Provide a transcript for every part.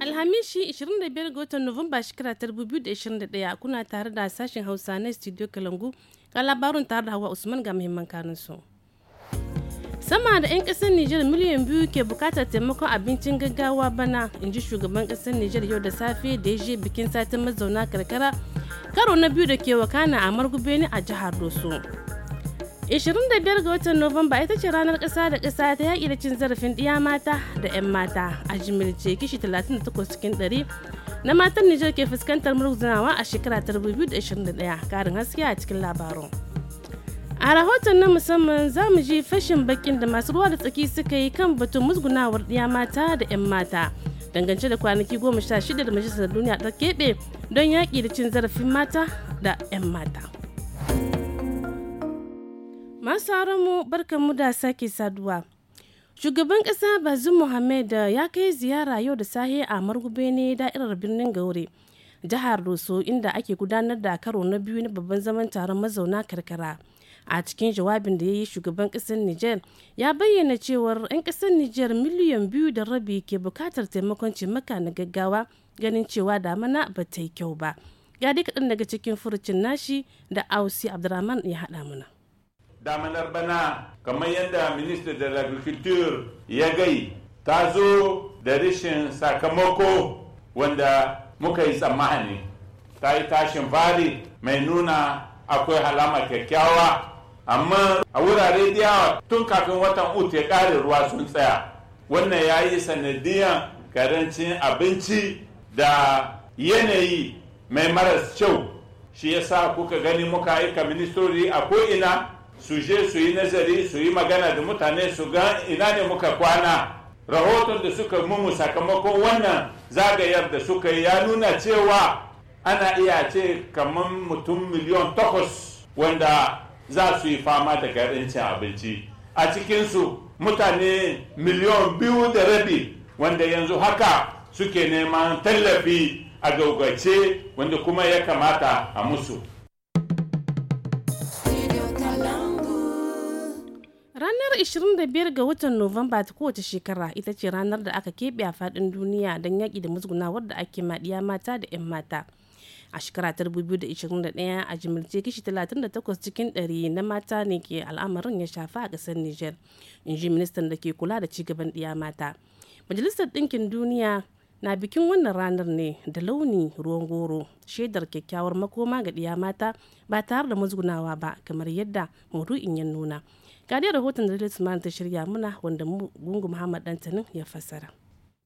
Alhamishi 25 ga watan Nuwamba shekara ta 2021 kuna tare da sashen Hausa na Studio Kalangu ga labarin tare da Hawa Usman ga muhimman sama da 'yan kasar Nijar miliyan biyu ke bukatar taimakon abincin gaggawa bana in ji shugaban kasar Nijar yau da safe da ya je bikin satin mazauna karkara karo na biyu da ke wakana a margubeni a jihar doso 25 ga watan Nuwamba ita ce ranar kasa da kasa ta yaƙi da cin zarafin ɗiya mata da 'yan mata a jimilce kishi 38 cikin 100 na matan Nijar ke fuskantar murzunawa a shekara 2021 karin haske a cikin labarun. A rahoton na musamman za mu ji fashin bakin da masu ruwa da tsaki suka yi kan batun musgunawar ɗiya mata da 'yan mata dangance da kwanaki goma sha shida da majalisar duniya ta keɓe don yaƙi da cin zarafin mata da 'yan mata. Masu mu barkanmu da sake saduwa. Shugaban ƙasa Bazum Muhammad ya kai ziyara yau da sahe a margube ne da'irar birnin Gaure, jihar Roso inda ake gudanar da karo na biyu na babban zaman taron mazauna karkara. a cikin jawabin da ya yi shugaban kasar niger ya bayyana cewar 'yan kasar niger miliyan biyu da rabi ke bukatar taimakon cimaka na gaggawa ganin cewa damana ba ta yi kyau ba ya dai kaɗan daga cikin furucin nashi da ausi abdurrahman ya haɗa mana damanar bana kamar yadda minista da agriculture ya gai ta zo da rashin sakamako wanda muka yi tsammani ta yi tashin fari mai nuna akwai halama kyakkyawa amma a wurare da yawa tun kafin watan ut ya ƙare ruwa sun tsaya wannan ya yi sanadiyan karancin abinci da yanayi mai maras kyau shi ya sa kuka gani muka aika ministori a ko'ina su je su yi nazari su yi magana da mutane su ga ina ne muka kwana rahoton da suka mumu sakamakon wannan zagayar da suka yi ya nuna cewa ana iya ce kamar mutum miliyan takwas wanda za su yi fama da karancin abinci a cikinsu mutane miliyon biyu da rabi wanda yanzu haka suke neman tallafi a gaugace wanda kuma ya kamata a musu Ranar 25 ga watan Nuwamba ta kowace shekara ita ce ranar da aka keɓe a faɗin duniya don yaƙi da musguna wadda ake maɗiya mata da 'yan mata. a shekara ta 2021 a jimirce kishi 38 cikin 100 na mata ne ke al'amarin ya shafa a ƙasar niger in ji ministan da ke kula da cigaban ɗiya mata majalisar ɗinkin duniya na bikin wannan ranar ne da launi ruwan goro shaidar kyakkyawar makoma ga ɗiya mata ba tare da mazgunawa ba kamar yadda maudu'in ya nuna ga rahoton da ta shirya muna wanda gungu muhammad dantanin ya fassara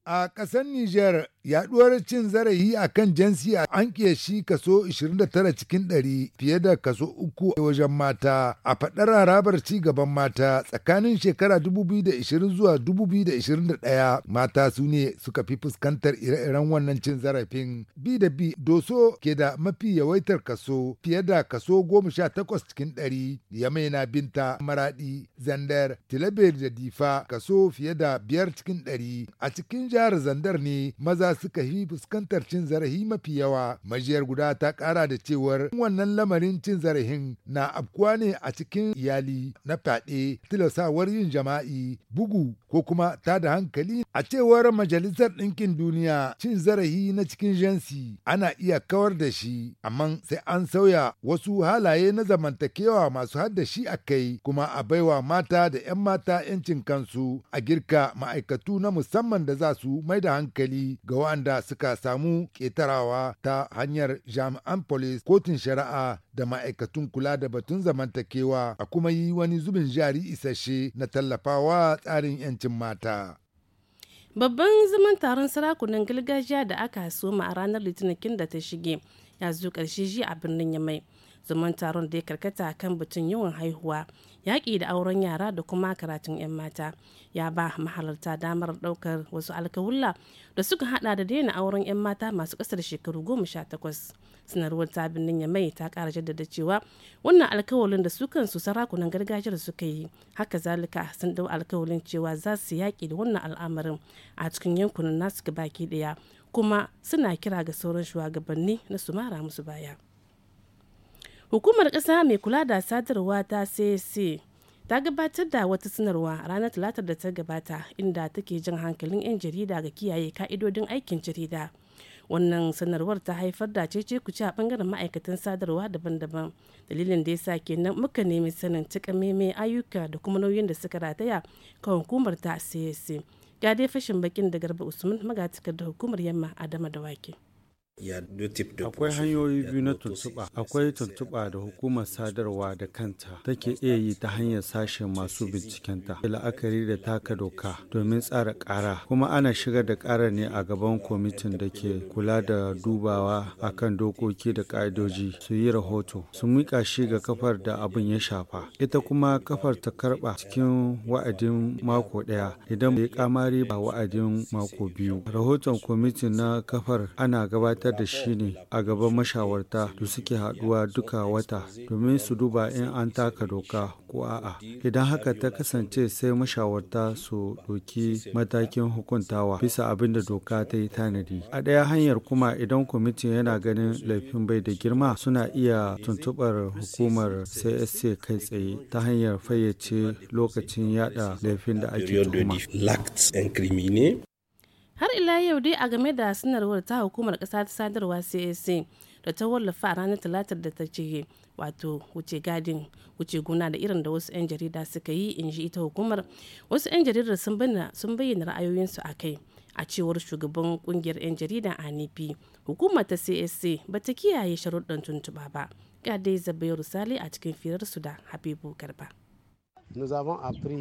A ƙasar Nijar, yaɗuwar cin zarafi a kan jinsi an shi kaso 29 cikin 100 fiye da kaso 3 wajen mata a faɗar harabar ci gaban mata tsakanin shekara 2020 zuwa 2021 mata su ne suka fi fuskantar ire-iren wannan cin zarafin bi da bi doso ke da mafi yawaitar kaso fiye da kaso 18 cikin 100 ya yamaina binta maradi zandar tilabir da difa kaso fiye da 5 cikin 100 a cikin jihar Zandar ne maza suka fi fuskantar cin zarafi mafi yawa. Majiyar guda ta kara da cewar wannan lamarin cin zarafin na afkuwa ne a cikin iyali na fyaɗe tilasawar yin jama'i bugu ko kuma ta da hankali a cewar majalisar ɗinkin duniya cin zarafi na cikin jansi ana iya kawar da shi amma sai an sauya wasu halaye na zamantakewa masu haddashi a kai kuma a baiwa mata da 'yan mata 'yancin kansu a girka ma'aikatu na musamman da za su su mai da hankali ga waɗanda suka samu ƙetarawa ta hanyar jami'an polis kotun shari'a da ma'aikatun kula da batun zamantakewa a kuma yi wani zubin jari isasshe na tallafawa tsarin 'yancin mata. Babban zaman taron sarakunan gargajiya da aka soma a ranar litinin da ta shige ya zo ƙarshe jiya a birnin Yamai. zaman taron da ya karkata kan batun yawan haihuwa yaƙi da auren yara da kuma karatun 'yan mata ya ba mahalarta damar ɗaukar wasu alkawulla da suka hada da daina auren 'yan mata masu ƙasar shekaru goma sha takwas sanarwar ta birnin yamai ta ƙara jaddada cewa wannan alkawalin da su kansu sarakunan gargajiyar suka yi haka zalika sun dau alkawalin cewa za su yaƙi da wannan al'amarin a cikin yankunan nasu baki ɗaya kuma suna kira ga sauran shugabanni na su mara musu baya. Hukumar ƙasa mai kula da sadarwa ta CC ta gabatar da wata sanarwa ranar talatar da ta gabata inda take jin hankalin 'yan jarida ga kiyaye ka'idodin aikin jarida. wannan sanarwar ta haifar da cece kuce a bangaren ma'aikatan sadarwa daban-daban dalilin da sa kenan muka nemi sanin takamaimai ayyuka da kuma nauyin da suka rataya kan hukumar ta CSC ga dai fashin bakin da garba usman magatakar da hukumar yamma adama da wake Akwai hanyoyi biyu na tuntuɓa. Akwai tuntuɓa da hukumar sadarwa da kanta take iya yi ta hanyar sashen masu bincikenta da la'akari da taka doka domin tsara ƙara. Kuma ana shigar da ƙara ne a gaban kwamitin da ke kula da dubawa akan dokoki da ƙa'idoji su yi rahoto su miƙa shi ga kafar da abin ya shafa. Ita kuma kafar ta karɓa cikin wa'adin mako ɗaya idan bai kamari ba wa'adin mako biyu. Rahoton kwamitin na kafar ana gabatar gabatar da shi ne a gaban mashawarta da suke haɗuwa duka wata domin su duba in an taka doka ko a'a. Idan haka ta kasance sai mashawarta su doki matakin hukuntawa bisa abin da doka ta yi tanadi. A ɗaya hanyar kuma idan kwamitin yana ganin laifin bai da girma suna iya tuntuɓar hukumar CSC kai tsaye ta hanyar fayyace lokacin yada laifin da ake tuhuma. har ila yau dai a game da sanarwar ta hukumar kasa ta sadarwa cac da ta wallafa a ranar talatar da ta ce wato wuce gadin wuce guna da irin da wasu 'yan jarida suka yi in ji ita hukumar wasu 'yan jaridar sun bayyana ra'ayoyinsu a kai a cewar shugaban kungiyar 'yan jarida a nipi hukumar ta csc ba ta kiyaye sharuɗan tuntuɓa ba ga dai zabayar sale a cikin firarsu da habibu garba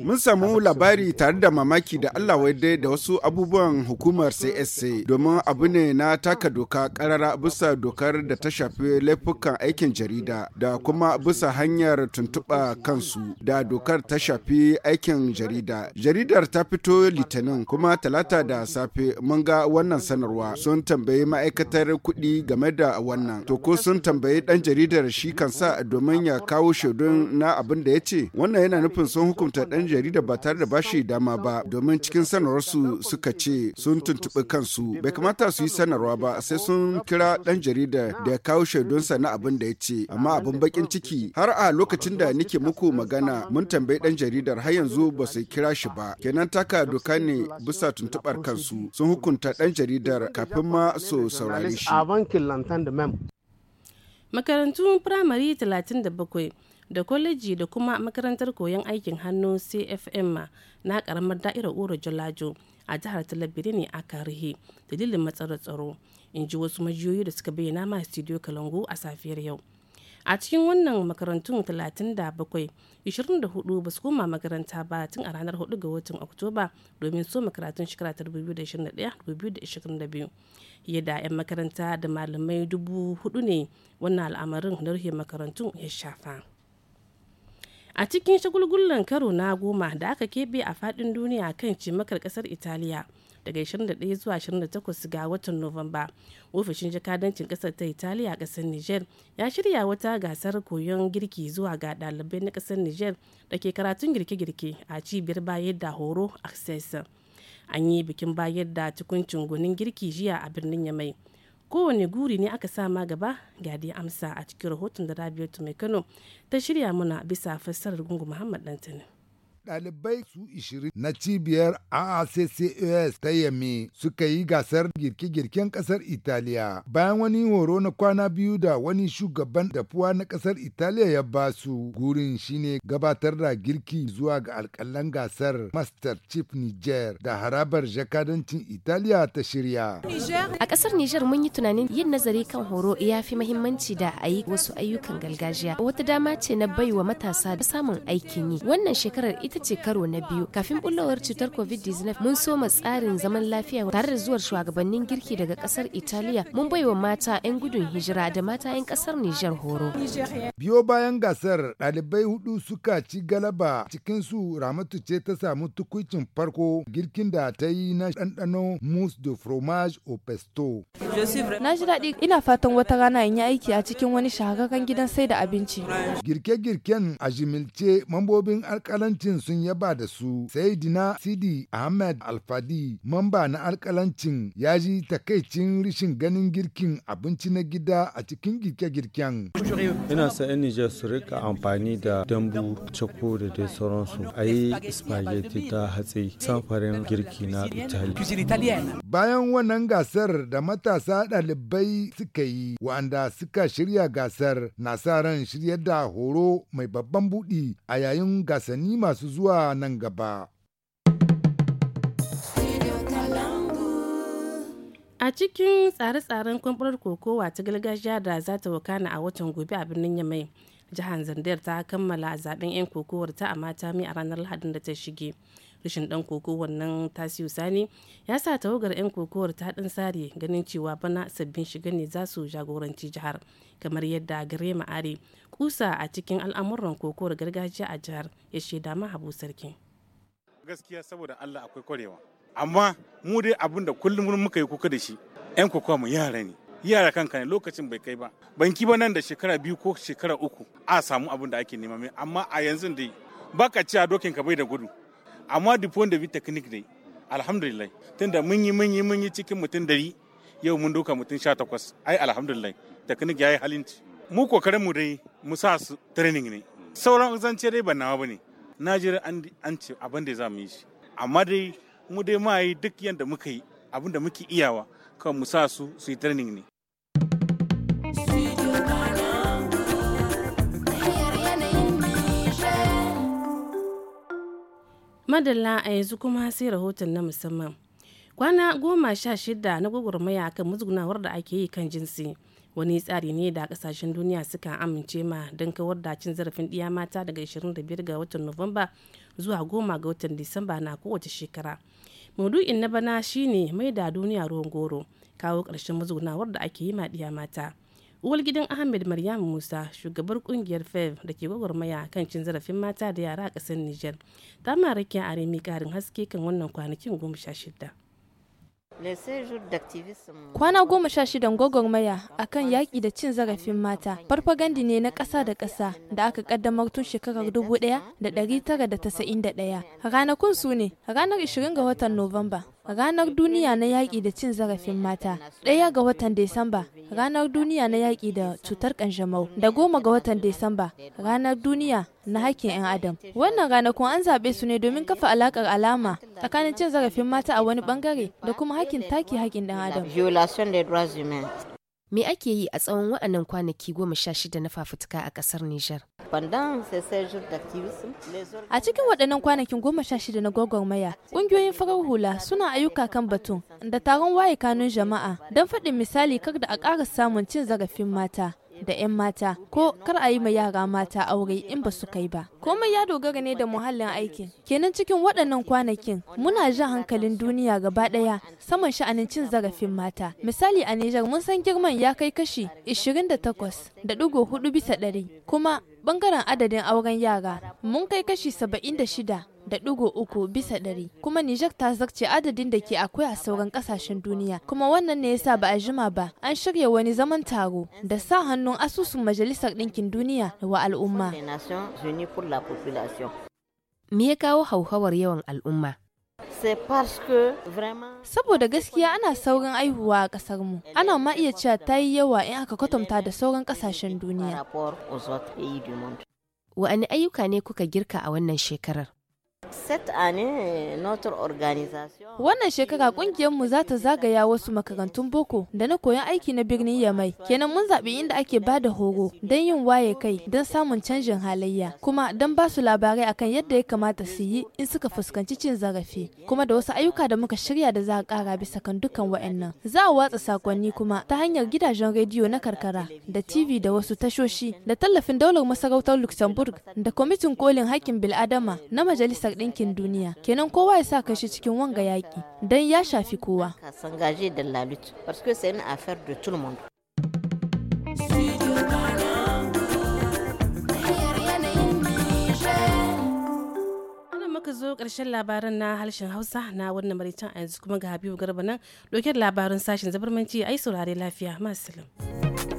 Mun samu labari tare da mamaki da Allah waidai da wasu abubuwan hukumar CSA domin abu ne na taka doka karara bisa dokar da ta shafi laifukan aikin jarida da kuma bisa hanyar tuntuɓa kansu da dokar ta shafi aikin jarida. Jaridar ta fito litinin kuma talata da safe mun ga wannan sanarwa sun tambayi ma'aikatar kuɗi game da wannan. Toko sun tambayi ɗan jaridar shi kansa domin ya kawo shaidun na abin da ya ce wannan yana nufin nufin sun hukunta ɗan jarida ba tare da bashi dama ba domin cikin sanarwarsu suka ce sun tuntuɓi kansu bai kamata su yi sanarwa ba sai sun kira ɗan jarida da ya kawo shaidunsa na abin da ya ce amma abin bakin ciki har a lokacin da nake muku magana mun tambayi ɗan jaridar har yanzu ba su kira shi ba kenan taka doka ne bisa tuntuɓar kansu sun hukunta ɗan jaridar kafin ma su saurare shi. Makarantun firamare 37 da kwaleji da kuma makarantar koyon aikin hannu cfm na karamar da'irar oro jalajo a jihar talabiri ne a karihi dalilin matsalar tsaro in ji wasu majiyoyi da suka bayyana ma studio kalangu a safiyar yau a cikin wannan makarantun 37 24 ba su koma makaranta ba tun a ranar 4 ga watan oktoba domin so makaratun shekara 2021-2022 yadda 'yan makaranta da malamai 4,000 ne wannan al'amarin na rufe makarantun ya shafa. a cikin shagulgullan karo na goma da aka keɓe a fadin duniya kan cimakar kasar italiya daga 21 zuwa 28 ga watan Nuwamba. Ofishin jakadancin kasar ta Italiya a kasar Niger ya shirya wata gasar koyon girki zuwa ga ɗalibai na kasar Niger da ke karatun girke-girke a cibiyar bayar da horo access. An yi bikin bayar da tukuncin gunin girki jiya a birnin Yamai. kowane guri ne aka sama gaba ga dai amsa a cikin rahoton da rabiatu mai kano ta shirya muna bisa fassarar gungu muhammad dantani ɗalibai su 20 na cibiyar AACCAS ta Yame suka yi gasar girke-girken ƙasar Italiya. Bayan wani horo na kwana biyu da wani shugaban dafuwa na ƙasar Italiya ya ba su gurin shine gabatar da girki zuwa ga alƙalan gasar Master Chief Niger da harabar jakadancin Italiya ta shirya. A kasar Niger mun yi tunanin yin nazari kan horo ya fi mahimmanci da a yi wasu ayyukan gargajiya. Wata dama ce na baiwa matasa da samun aikin yi. Wannan shekarar ita ita ce karo na biyu kafin bullowar cutar covid-19 mun soma tsarin zaman lafiya tare da zuwar shugabannin girki daga kasar italiya mun baiwa mata 'yan gudun hijira da mata 'yan kasar nijar horo biyo bayan gasar ɗalibai hudu suka ci galaba cikin su ramatu ce ta samu tukucin farko girkin da ta yi na ɗanɗano mousse de fromage au pesto na ji daɗi ina fatan wata rana in yi aiki a cikin wani shahararren gidan sai da abinci girke-girken a jimilce mambobin alkalancin sun yaba da su sai dina sidi ahmed alfadi mamba na alkalancin ya ji takaicin rishin ganin girkin abinci na gida a cikin girke-girken ina sa yan nijar su rika amfani da dambu cako da dai sauransu a yi spaghetti ta hatsi samfarin girki na italiya bayan wannan gasar da matasa ɗalibai suka yi wa'anda suka shirya gasar na sa ran shiryar da horo mai babban buɗi a yayin gasanni masu zuwa nan gaba. A cikin tsare-tsaren kwamfurar kokowa ta gargajiya da za ta wakana a watan gobe a birnin Yamai, jihar Zandar ta kammala zaben 'yan kokowar ta a mata mai a ranar Lahadin da ta shige. rashin dan koko wannan tasiu sani ya sa tawagar 'yan kokowar ta dan sare ganin cewa bana sabbin shiga ne za su jagoranci jihar kamar yadda gare ma'are kusa a cikin al'amuran kokowar gargajiya a jihar ya shaida ma habu sarki gaskiya saboda allah akwai kwarewa amma mu dai abin da kullum muka yi kuka da shi 'yan kokowa mu yara ne yara kanka ne lokacin bai kai ba banki ba nan da shekara biyu ko shekara uku a samu abin da ake nema mai amma a yanzu dai baka cewa dokin ka bai da gudu amma difon da bi technique dai alhamdulillah tunda mun yi mun yi mun yi cikin mutum dari yau mun doka mutum sha takwas ai alhamdulillah technique yayi halinci mu kokarin mu dai mu sa su training ne sauran zance dai ban nawa bane na jira an ce abin da za mu yi shi amma dai mu dai ma yi duk yadda muka yi abin da muke iyawa kan mu sa su su training ne madalla a yanzu kuma sai rahoton na musamman kwana goma sha shida na gwagwarmaya kan muzgunawar da ake yi kan jinsi wani tsari ne da kasashen duniya suka amince ma don kawar da cin zarafin ɗiya mata daga 25 ga watan nuwamba zuwa 10 ga watan disamba na kowace shekara maudu'in na bana shine mai da duniya ruwan goro kawo ƙarshen muzgunawar da ake yi ma ɗiya mata uwar gidan ahmed maryam musa shugabar kungiyar fev da ke gwagwarmaya kan cin zarafin mata da yara a kasar niger ta marakiya a remi karin haske kan wannan kwanakin goma sha shida Kwana goma sha shidan gwagwarmaya a kan yaƙi da cin zarafin mata, farfagandi ne na ƙasa da ƙasa da aka ƙaddamar tun shekarar tara 1991. Ranakun su ne ranar 20 ga watan Nuwamba Ranar Duniya na Yaƙi da Cin Zarafin Mata, ɗaya ga watan Desamba, Ranar Duniya na Yaƙi da Cutar kanjamau da goma ga watan Desamba, Ranar Duniya na haƙƙin 'yan adam wannan ranakun an zaɓe su ne domin kafa alaƙar alama tsakanin cin zarafin mata a wani ɓangare da kuma haƙƙin taki haƙƙin ɗan adam me ake yi a tsawon waɗannan kwanaki goma sha shida na fafutuka a ƙasar nijar A cikin waɗannan kwanakin goma sha shida na gwagwarmaya, ƙungiyoyin farar hula suna ayyuka kan batun da taron waye kanun jama'a don faɗin misali kar da a ƙara samun cin zarafin mata. da 'yan mata ko kar a yi ma yara mata aure in ba su kai ba komai ya dogara ne da muhallin aikin kenan cikin waɗannan kwanakin muna jan hankalin duniya gaba ɗaya saman sha'anin cin zarafin mata misali a Nijar mun san girman ya kai kashi 28.4 bisa ɗari kuma bangaren adadin auren yara mun kai kashi 76 da ɗigo uku bisa ɗari kuma Nijar ta zarce adadin da ke akwai a sauran ƙasashen duniya kuma wannan ne yasa ba a jima ba an shirya wani zaman taro da sa hannun asusun majalisar ɗinkin duniya wa al'umma. Me ya kawo hauhawar yawan al'umma? Saboda gaskiya ana saurin aihuwa a ƙasar mu, ana ma iya cewa ta yi yawa in aka kwatanta da sauran ƙasashen duniya. Wa'ani ayyuka ne kuka girka a wannan shekarar? Wannan shekara mu za ta zagaya wasu makarantun boko da na koyon aiki na birnin Yamai. Kenan mun zaɓi inda ake ba da horo don yin waye kai don samun canjin halayya kuma don ba su labarai akan yadda ya kamata su yi in suka fuskanci cin zarafi kuma da wasu ayyuka da muka shirya da za a ƙara bisa kan dukkan waɗannan Za a watsa sakonni kuma ta hanyar gidajen rediyo na karkara da TV da wasu tashoshi da tallafin daular masarautar Luxembourg da kwamitin kolin haƙƙin bil'adama na majalisar ɗin yankin duniya kenan kowa ya sa kashi cikin wanga yaƙi don ya shafi kowa muka zo ƙarshen labaran na harshen hausa na wannan maritan a yanzu kuma ga habibu garba nan ɗauke da labarin sashen zabarmanci yi saurare lafiya masu salam